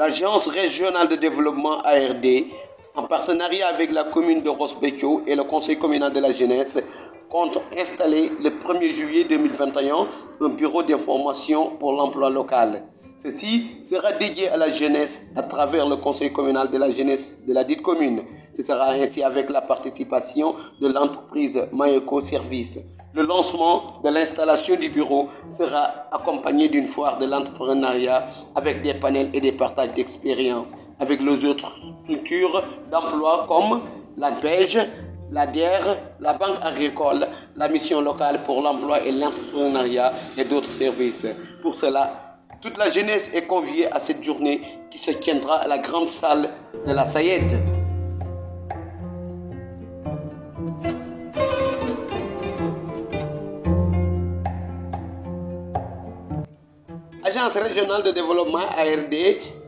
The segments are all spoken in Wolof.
l'Agence régionale de développement ARD, en partenariat avec la commune de Rosbecchio et le Conseil communal de la jeunesse, compte installer le 1er juillet 2021 un bureau d'information pour l'emploi local. Ceci sera dédié à la jeunesse à travers le conseil communal de la jeunesse de la dite commune. Ce sera ainsi avec la participation de l'entreprise Mayeco Service. Le lancement de l'installation du bureau sera accompagné d'une foire de l'entrepreneuriat avec des panels et des partages d'expériences avec les autres structures d'emploi comme la BEJ, la DER, la Banque agricole, la mission locale pour l'emploi et l'entrepreneuriat et d'autres services. Pour cela, toute la jeunesse est conviée à cette journée qui se tiendra à la grande salle de la Sayette. Agence régionale de développement ARD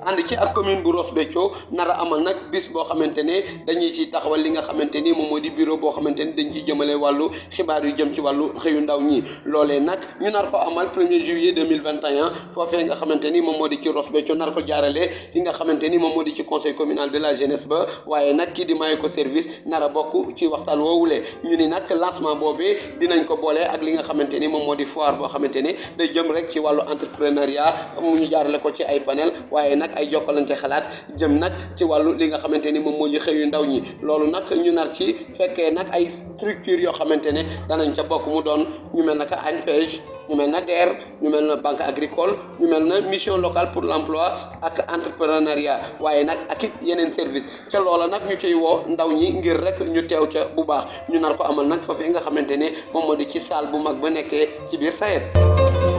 ànd ci ak commune bu Ross Béthio nar a amal nag bis boo xamante ne dañuy ci taxawal li nga xamante ni moom moo di bureau boo xamante ni dañ ciy jëmale wàllu xibaar yu jëm ci wàllu xëyu ndaw ñi loolee nag ñu nar ko amal 1er juillet 2021 foofee nga xamante ni moom moo di ci nar ko jaarale li nga xamante ni moom moo di ci conseil communal de la jeunesse ba waaye nag kii di maye ko service nar bokk ci waxtaan woowulee ñu ni nag lancement boobee dinañ ko boole ak li nga xamante ni moom moo di foire boo xamante ni day jëm rek ci wàllu entrepreneuriat mu ñu jaarale ko ci ay panel waaye nag ay jokkalante xalaat jëm nag ci wàllu li nga xamante ni moom moo ñu xëyu ndaw ñi loolu nag ñu nar ci fekkee nag ay structure yoo xamante ne danañ ca bokk mu doon ñu mel naka ANPEJ ñu mel na DER ñu mel na banque agricole ñu mel na mission locale pour l'emploi ak entrepreneuriat waaye nag ak it yeneen service ca loola nag ñu ciy woo ndaw ñi ngir rek ñu teew ca bu baax ñu nar ko amal nag foofee nga xamante ne moom moo di ci salle bu mag ba nekkee ci biir SAED